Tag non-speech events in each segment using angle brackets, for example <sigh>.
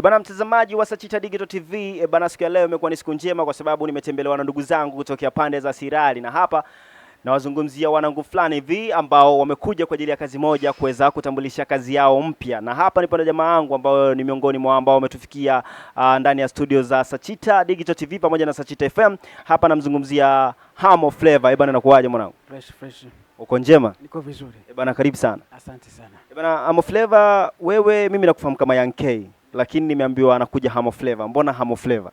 E bana mtazamaji wa Sachita Digital TV, e eh, bana siku ya leo imekuwa ni siku njema kwa sababu nimetembelewa na ndugu zangu kutokea pande za Sirari na hapa nawazungumzia wanangu fulani hivi ambao wamekuja kwa ajili ya kazi moja kuweza kutambulisha kazi yao mpya, na hapa nipo na jamaa wangu ambao ni miongoni mwa ambao wametufikia uh, ndani ya studio za Sachita Digital TV pamoja na Sachita FM. Hapa namzungumzia Hamo Flavor. E bana, nakuaje mwanangu? Fresh fresh. Uko njema? Niko vizuri. E bana, karibu sana. Asante sana. E bana, Hamo Flavor, wewe mimi nakufahamu kama Young K lakini nimeambiwa anakuja Hamo Flavor. Mbona Hamo Flavor?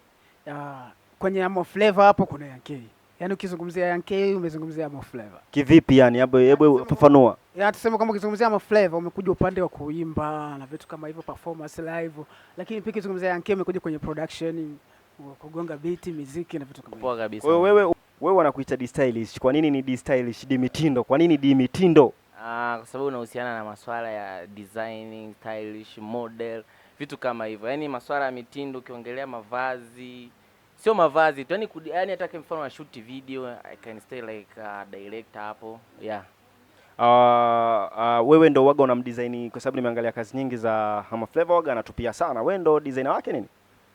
Ah, kwenye Hamo Flavor hapo kuna Yankee. Yaani ukizungumzia Yankee umezungumzia Hamo Flavor. Kivipi yani? Hebu hebu fafanua. Ya tuseme kama ukizungumzia Hamo Flavor umekuja upande wa kuimba na vitu kama hivyo performance live, lakini pia ukizungumzia Yankee umekuja kwenye production, kugonga beat, muziki na vitu kama hivyo. Poa kabisa. Wewe wewe wewe wanakuita distylish. Kwa nini ni distylish? Di mitindo. Kwa nini di mitindo? Ah, kwa sababu unahusiana na masuala ya designing, stylish, model vitu kama hivyo, yaani masuala ya mitindo, ukiongelea mavazi sio mavazi tu yani, yani hata kwa mfano shoot video I can stay like uh, director hapo yeah. Uh, uh, wewe ndo waga unamdesign, kwa sababu nimeangalia kazi nyingi za Hama Flavor waga anatupia sana. Wewe ndo designer wake nini?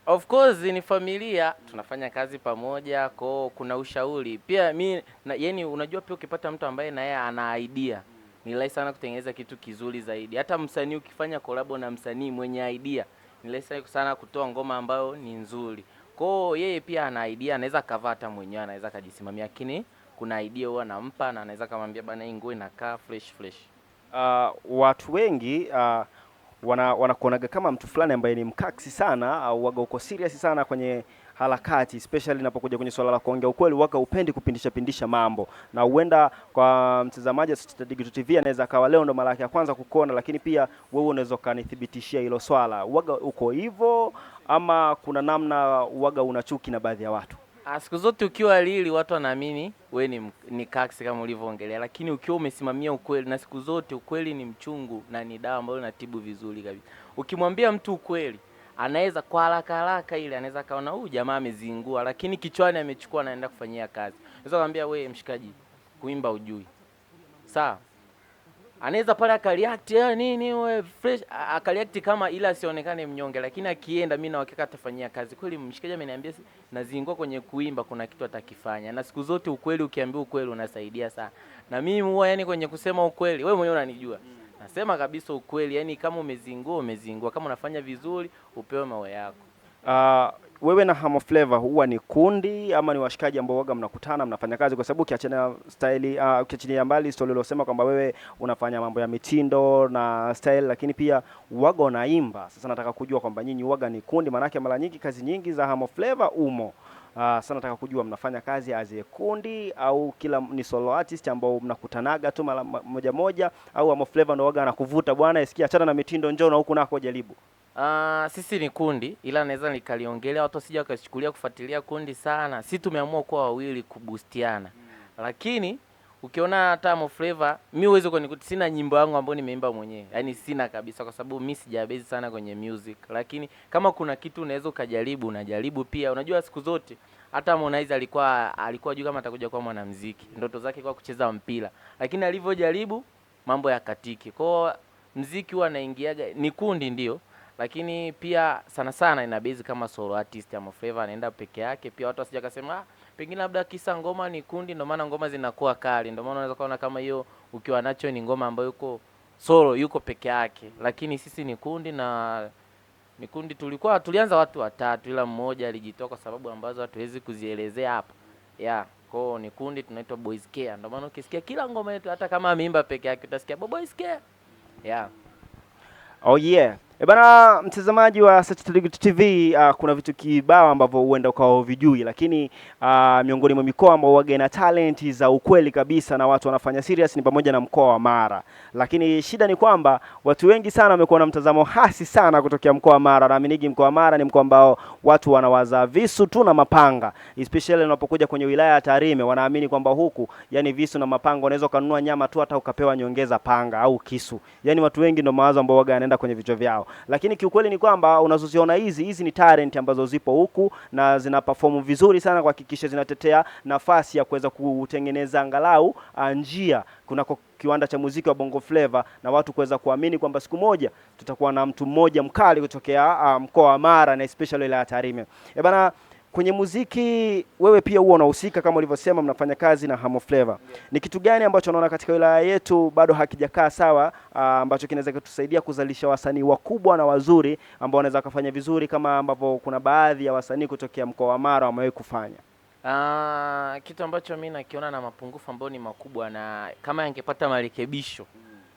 Of course ni familia, tunafanya kazi pamoja, kwa kuna ushauri pia mi na, yani unajua pia ukipata mtu ambaye na yeye ana idea ni rahisi sana kutengeneza kitu kizuri zaidi. Hata msanii ukifanya kolabo na msanii mwenye idea, ni rahisi sana kutoa ngoma ambayo ni nzuri. hiyo yeye pia ana idea, anaweza kavaa hata mwenyewe, anaweza akajisimamia, lakini kuna idea huwa anampa na anaweza kamwambia bana, hii nguo inakaa fresh fresh. Uh, watu wengi uh, wanakuonaga kama mtu fulani ambaye ni mkaksi sana au waga uko serious sana kwenye harakati, especially inapokuja kwenye swala la kuongea ukweli, waka upendi kupindisha pindisha mambo, na huenda kwa mtazamaji Digital TV anaweza akawa leo ndo mara yake ya kwanza kukuona, lakini pia wewe unaweza ukanithibitishia hilo swala, waga uko hivyo ama kuna namna waga una chuki na baadhi ya watu? Ah, siku zote ukiwa lili watu wanaamini we ni, ni kaksi kama ulivyoongelea, lakini ukiwa umesimamia ukweli, na siku zote ukweli ni mchungu na ni dawa ambayo inatibu vizuri kabisa. Ukimwambia mtu ukweli anaweza kwa haraka haraka ile anaweza kaona huyu jamaa amezingua, lakini kichwani amechukua anaenda kufanyia kazi. Unaweza kumwambia wewe mshikaji, kuimba ujui. Sawa? Anaweza pale akareact ya eh, nini wewe fresh akareact kama ila asionekane mnyonge, lakini akienda mimi na hakika atafanyia kazi. Kweli mshikaji ameniambia nazingua kwenye kuimba, kuna kitu atakifanya. Na siku zote ukweli, ukiambiwa ukweli unasaidia sana. Na mimi huwa yani kwenye kusema ukweli, wewe mwenyewe unanijua. Mm. Nasema kabisa ukweli, yani kama umezingua umezingua, kama unafanya vizuri upewe mawe yako. Uh, wewe na Hamo Flavor huwa ni kundi ama ni washikaji ambao waga mnakutana mnafanya kazi? Kwa sababu ukiachana staili, uh, ukiachilia mbali staili uliosema kwamba wewe unafanya mambo ya mitindo na style, lakini pia waga unaimba. Sasa nataka kujua kwamba nyinyi waga ni kundi, maanake mara nyingi kazi nyingi za Hamo Flavor umo Ah, sana nataka kujua mnafanya kazi as a kundi au kila ni solo artist ambao mnakutanaga tu mara moja moja, au Amo flavor ndo waga anakuvuta bwana, isikia achana na mitindo, njoo na huku nako jaribu? Uh, sisi ni kundi ila naweza nikaliongelea watu wasija wakachukulia kufuatilia kundi sana. Sisi tumeamua kuwa wawili kubustiana, mm. lakini ukiona hata Diamond Flava mi uwezi kunikuta, sina nyimbo yangu ambayo nimeimba mwenyewe, yaani sina kabisa, kwa sababu mi sijabezi sana kwenye music, lakini kama kuna kitu unaweza ukajaribu, unajaribu pia. Unajua siku zote hata Harmonize alikuwa alikuwa juu kama atakuja kuwa mwanamuziki, ndoto zake kwa kucheza mpira, lakini alivyojaribu mambo yakatiki. Kwa muziki huwa anaingiaga ni kundi ndio, lakini pia sana sana inabezi kama solo artist. ama flavor anaenda peke yake, pia watu wasije ah, pengine labda kisa ngoma ni kundi, ndio maana ngoma zinakuwa kali, ndio maana unaweza kuona kama hiyo ukiwa nacho ni ngoma ambayo yuko solo, yuko peke yake, lakini sisi ni kundi na ni kundi tulikuwa tulianza watu watatu, ila mmoja alijitoa kwa sababu ambazo hatuwezi kuzielezea hapa yeah. Kwao ni kundi tunaitwa Boys Care, ndio maana ukisikia kila ngoma yetu, hata kama ameimba peke yake, utasikia Boys Care yeah. Oh yeah. E bana, mtazamaji wa Satataliguti TV uh, ah, kuna vitu kibao ambavyo huenda ukao vijui, lakini uh, miongoni mwa mikoa ambao waga na talent za ukweli kabisa na watu wanafanya serious ni pamoja na mkoa wa Mara, lakini shida ni kwamba watu wengi sana wamekuwa na mtazamo hasi sana kutokea mkoa wa Mara. Naaminigi mkoa wa Mara ni mkoa ambao watu wanawaza visu tu na mapanga, especially unapokuja kwenye wilaya ya Tarime, wanaamini kwamba huku yani visu na mapanga unaweza kununua nyama tu hata ukapewa nyongeza panga au kisu. Yani watu wengi ndio mawazo ambao waga yanaenda kwenye vichwa vyao lakini kiukweli ni kwamba unazoziona hizi hizi ni talent ambazo zipo huku na zina perform vizuri sana kuhakikisha zinatetea nafasi ya kuweza kutengeneza angalau ah, njia kunako kiwanda cha muziki wa Bongo Flava na watu kuweza kuamini kwamba siku moja tutakuwa na mtu mmoja mkali kutokea ah, mkoa wa Mara na especially ile ya Tarime. E bana Kwenye muziki wewe pia huwa unahusika kama ulivyosema, mnafanya kazi na Hamo Flavor. Ni kitu gani ambacho unaona katika wilaya yetu bado hakijakaa sawa, ah, ambacho kinaweza kutusaidia kuzalisha wasanii wakubwa na wazuri ambao wanaweza kufanya vizuri kama ambavyo kuna baadhi ya wasanii kutokea mkoa wa Mara wamewahi kufanya? Aa, ah, kitu ambacho mi nakiona na mapungufu ambayo ni makubwa na kama yangepata marekebisho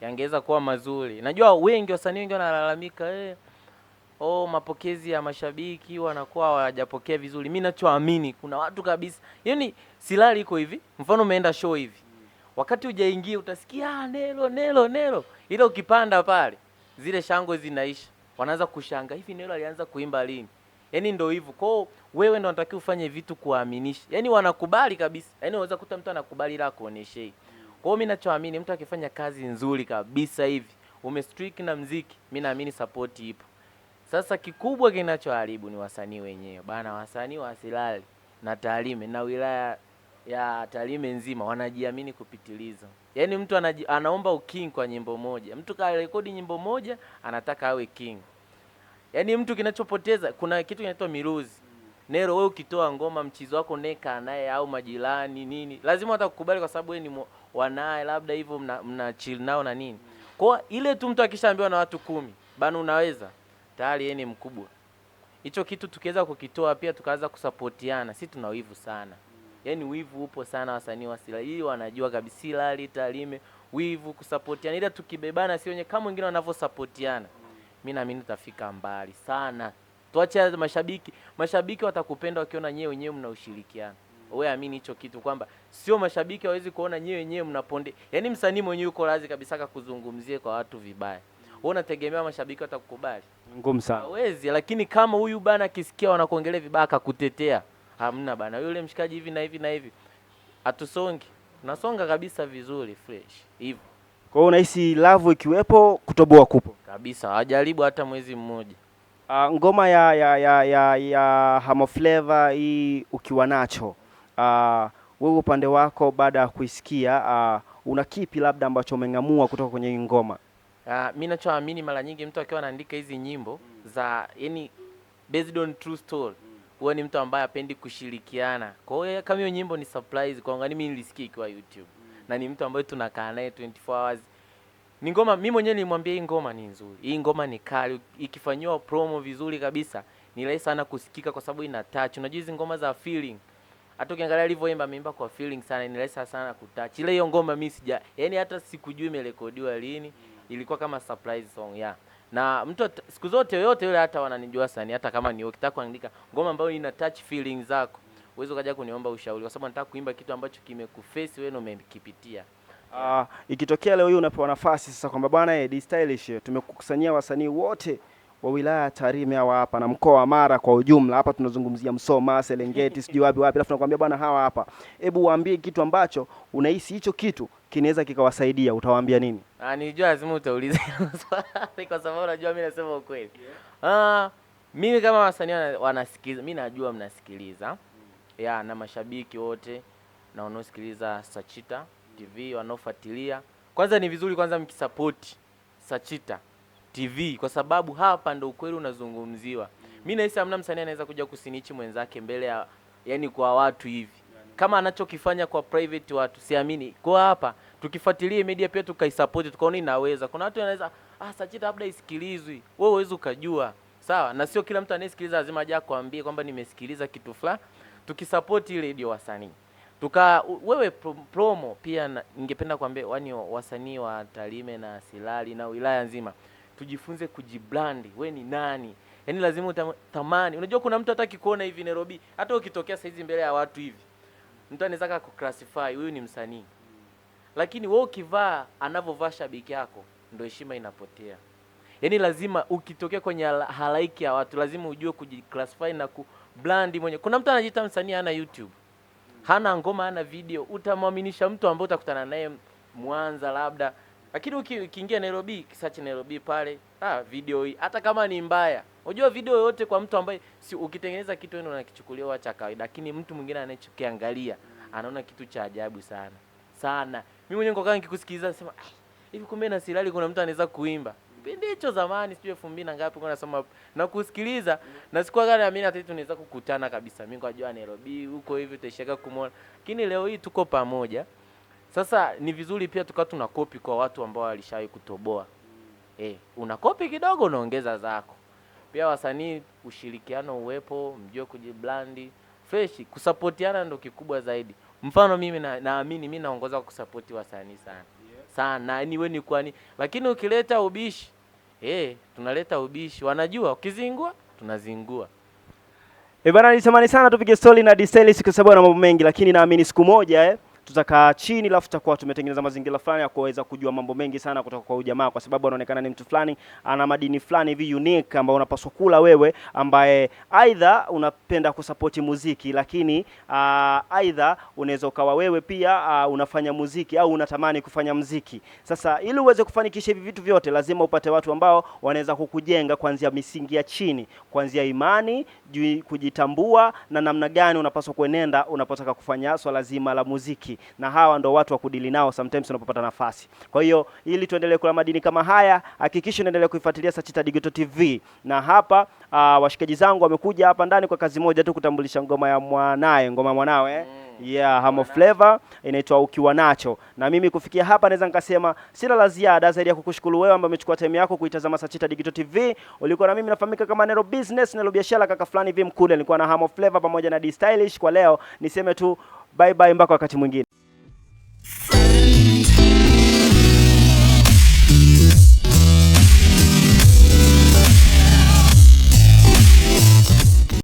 yangeweza kuwa mazuri. Najua wengi wasanii wengi wanalalamika eh, oh, mapokezi ya mashabiki wanakuwa hawajapokea vizuri. Mimi nachoamini kuna watu kabisa, yaani silali iko hivi, mfano umeenda show hivi, wakati hujaingia utasikia ah, Nelo Nelo Nelo, ila ukipanda pale zile shangwe zinaisha, wanaanza kushanga hivi, Nelo alianza kuimba lini? Yaani ndio hivyo. Kwa hiyo wewe ndio unatakiwa ufanye vitu kuaminisha, yaani wanakubali kabisa, yaani unaweza kuta mtu anakubali ila hii. Kwa hiyo mimi nachoamini mtu akifanya kazi nzuri kabisa hivi, umestrik na mziki, mimi naamini support ipo. Sasa kikubwa kinachoharibu ni wasanii wenyewe bana, wasanii wa Silali na Tarime na wilaya ya Tarime nzima wanajiamini kupitiliza. Yaani mtu anaji, anaomba uking kwa nyimbo moja, mtu karekodi nyimbo moja anataka awe king. Yaani mtu kinachopoteza, kuna kitu kinaitwa miruzi Nero, wewe ukitoa ngoma mchizo wako neka naye au majirani nini, lazima watakukubali kwa sababu wewe ni wanaye, labda hivyo mna, mna chill nao na nini. Kwa ile tu mtu akishaambiwa na watu kumi bana, unaweza tayari yeye ni mkubwa. Hicho kitu tukiweza kukitoa pia tukaanza kusapotiana, si tuna wivu sana, yaani wivu upo sana. Wasanii wa Sila hii wanajua kabisa, Silali Tarime, wivu kusapotiana, ila tukibebana, si wenye kama wengine wanavyosapotiana, mimi naamini tutafika mbali sana. Tuache mashabiki, mashabiki watakupenda wakiona nyewe wenyewe mna ushirikiano. Wewe amini hicho kitu kwamba sio mashabiki hawezi kuona nyewe wenyewe mnaponde, yaani msanii mwenyewe yuko radhi kabisa akakuzungumzie kwa watu vibaya wewe unategemea mashabiki watakukubali? Ngumu sana. Hawezi, lakini kama huyu bana akisikia wanakuongelea vibaya akakutetea. hamna bana, yule mshikaji hivi na hivi na hivi, Atusongi. Nasonga kabisa vizuri fresh hivyo. Kwa hiyo unahisi Love ikiwepo kutoboa kupo kabisa, hajaribu hata mwezi mmoja. Uh, ngoma ya ya ya ya, ya Hamo Flavor hii ukiwa nacho uh, wewe upande wako baada ya kuisikia uh, una kipi labda ambacho umeng'amua kutoka kwenye hii ngoma? Uh, mi nachoamini mara nyingi mtu akiwa anaandika hizi nyimbo mm. za yani based on true story huwa mm. ni mtu ambaye apendi kushirikiana. Kwa hiyo kama hiyo nyimbo ni surprise kwangu, mimi nilisikia ikiwa YouTube mm. na ni mtu ambaye tunakaa naye 24 hours. Ni ngoma mimi mwenyewe nilimwambia hii ngoma ni nzuri, hii ngoma ni kali, ikifanyiwa promo vizuri kabisa ni rahisi sana kusikika kwa sababu ina touch. Unajua hizi ngoma za feeling hata ukiangalia alivyoimba ameimba kwa feeling sana, ni rahisi sana kutouch. Ile hiyo ngoma mimi sija, yani hata sikujui imerekodiwa lini mm ilikuwa kama surprise song yeah. Na mtu siku zote yoyote yule hata wananijua sana, hata kama ni ukitaka kuandika ngoma ambayo ina touch feelings zako uweze ukaja kuniomba ushauri, kwa sababu nataka kuimba kitu ambacho kimekuface wewe na umekipitia. Uh, ikitokea leo hii unapewa nafasi sasa kwamba bwana eh, D Stylish eh, tumekukusanyia wasanii wote wa wilaya ya Tarime hawa hapa na mkoa wa Mara kwa ujumla, hapa tunazungumzia Msoma, Serengeti, sijui wapi wapi, alafu nakwambia bwana hawa hapa, hebu waambie kitu ambacho unahisi hicho kitu kinaweza kikawasaidia, utawaambia nini? Ah, nilijua lazima utauliza <laughs> swali kwa sababu unajua mimi nasema ukweli. Ah, mimi kama wasanii wanasikiliza, mimi najua mnasikiliza ya na mashabiki wote na wanaosikiliza Sachita TV wanaofuatilia, kwanza ni vizuri kwanza mkisapoti Sachita TV kwa sababu hapa ndo ukweli unazungumziwa. Mimi nahisi hamna msanii anaweza kuja kusinichi mwenzake mbele ya yani kwa watu hivi kama anachokifanya kwa private watu siamini. Kwa hapa tukifuatilia media pia tukaisupport, tukaona inaweza. Kuna watu wanaweza ah, Sachita labda isikilizwi, wewe huwezi ukajua, sawa na sio kila mtu anayesikiliza lazima aje akwambie kwamba nimesikiliza kitu fulani. Tukisupport ile ndio wasanii tuka wewe promo pia na, ningependa kuambia wani wasanii wa Tarime na Silali na wilaya nzima tujifunze kujibrandi. We ni nani? Yaani lazima utamani. Unajua kuna mtu hataki kuona hivi Nairobi, hata ukitokea saizi mbele ya watu hivi mtu anaweza classify huyu ni msanii Lakini wewe ukivaa anavyovaa shabiki yako ndio heshima inapotea. Yaani lazima ukitokea kwenye halaiki ya watu lazima ujue kujiclassify na brand mwenyewe. Kuna mtu anajiita msanii ana YouTube, hana ngoma, hana video, utamwaminisha mtu ambaye utakutana naye Mwanza labda, lakini ukiingia Nairobi, search Nairobi pale, ah, video hii hata kama ni mbaya Unajua video yote kwa mtu ambaye si ukitengeneza kitu wewe unakichukulia wacha kawaida, lakini mtu mwingine anachokiangalia anaona kitu cha ajabu sana. Sana. Mimi mwenyewe nikokaa nikikusikiliza nasema ah, hivi kumbe na silali kuna mtu anaweza kuimba. Kipindi hicho zamani sijui 2000 na ngapi kwa nasoma na kusikiliza na sikuwa gani amini hata tunaweza kukutana kabisa. Mimi kwa jua Nairobi huko hivi tutashaka kumuona. Lakini leo hii tuko pamoja. Sasa ni vizuri pia tukawa tunakopi kwa watu ambao walishawahi kutoboa. Eh, unakopi kidogo unaongeza zako. Pia wasanii ushirikiano uwepo, mjue kujiblandi freshi, kusapotiana ndo kikubwa zaidi. Mfano mimi naamini na mimi naongoza kusapoti wasanii sana sana, yani wewe ni kwani, lakini ukileta ubishi eh, tunaleta ubishi, wanajua ukizingua tunazingua. E eh, bana, nitamani sana tupige stori na Distelis kwa sababu ana mambo mengi, lakini naamini siku moja eh tutakaa chini, alafu tutakuwa tumetengeneza mazingira fulani ya kuweza kujua mambo mengi sana kutoka kwa ujamaa, kwa sababu anaonekana ni mtu fulani ana madini fulani hivi unique ambao unapaswa kula wewe, ambaye aidha unapenda kusapoti muziki, lakini ah, aidha unaweza ukawa wewe pia aa, ah, unafanya muziki au unatamani kufanya muziki. Sasa ili uweze kufanikisha hivi vitu vyote, lazima upate watu ambao wanaweza kukujenga kuanzia misingi ya chini, kuanzia imani, kujitambua na namna gani unapaswa kuenenda unapotaka kufanya swala so zima la muziki hiki, na hawa ndo watu wa kudili nao sometimes unapopata nafasi. Kwa hiyo ili tuendelee kula madini kama haya, hakikisha unaendelea kuifuatilia Sachita Digital TV, na hapa uh, washikaji zangu wamekuja hapa ndani kwa kazi moja tu, kutambulisha ngoma ya mwanae, ngoma ya mwanawe mm. Yeah, Hamo Flavor inaitwa ukiwa nacho. Na mimi kufikia hapa naweza nikasema sina la ziada zaidi ya kukushukuru wewe ambaye umechukua time yako kuitazama Sachita Digital TV. Ulikuwa na mimi nafahamika kama Nero Business, Nero Biashara, kaka fulani vim kule. Nilikuwa na Hamo Flavor pamoja na D Stylish. Kwa leo niseme tu bye bye mpaka wakati mwingine.